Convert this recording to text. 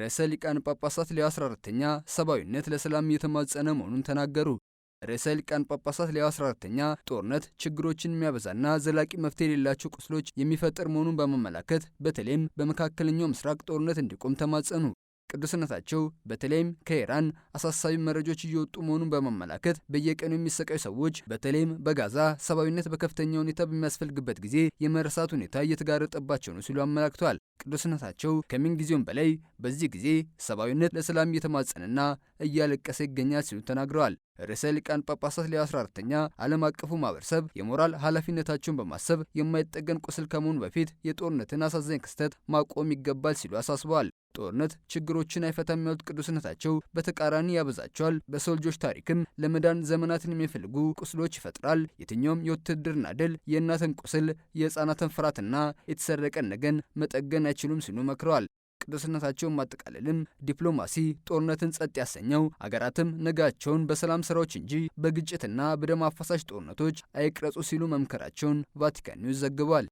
ርዕሰ ሊቃን ጳጳሳት ሌዮ 14ኛ ሰብአዊነት ለሰላም እየተማጸነ መሆኑን ተናገሩ። ርዕሰ ሊቃን ጳጳሳት ለ 14ኛ ጦርነት ችግሮችን የሚያበዛና ዘላቂ መፍትሄ የሌላቸው ቁስሎች የሚፈጥር መሆኑን በማመላከት በተለይም በመካከለኛው ምስራቅ ጦርነት እንዲቆም ተማጸኑ። ቅዱስነታቸው በተለይም ከኢራን አሳሳቢ መረጃዎች እየወጡ መሆኑን በማመላከት በየቀኑ የሚሰቃዩ ሰዎች በተለይም በጋዛ ሰብአዊነት በከፍተኛ ሁኔታ በሚያስፈልግበት ጊዜ የመረሳት ሁኔታ እየተጋረጠባቸው ነው ሲሉ አመላክተዋል። ቅዱስነታቸው ከምን ጊዜውም በላይ በዚህ ጊዜ ሰብአዊነት ለሰላም እየተማጸነና እያለቀሰ ይገኛል ሲሉ ተናግረዋል። ርዕሰ ሊቃን ጳጳሳት ሌዮ 14ኛ ዓለም አቀፉ ማህበረሰብ የሞራል ኃላፊነታቸውን በማሰብ የማይጠገን ቁስል ከመሆኑ በፊት የጦርነትን አሳዛኝ ክስተት ማቆም ይገባል ሲሉ አሳስበዋል። ጦርነት ችግሮችን አይፈታም ያሉት ቅዱስነታቸው በተቃራኒ ያበዛቸዋል። በሰው ልጆች ታሪክም ለመዳን ዘመናትን የሚፈልጉ ቁስሎች ይፈጥራል። የትኛውም የውትድርና ድል የእናትን ቁስል፣ የሕፃናትን ፍርሃትና የተሰረቀን ነገን መጠገን አይችሉም ሲሉ መክረዋል። ቅዱስነታቸውን ማጠቃለልም ዲፕሎማሲ ጦርነትን ጸጥ ያሰኘው አገራትም ነጋቸውን በሰላም ስራዎች እንጂ በግጭትና በደም አፋሳሽ ጦርነቶች አይቅረጹ ሲሉ መምከራቸውን ቫቲካን ኒውስ ዘግቧል።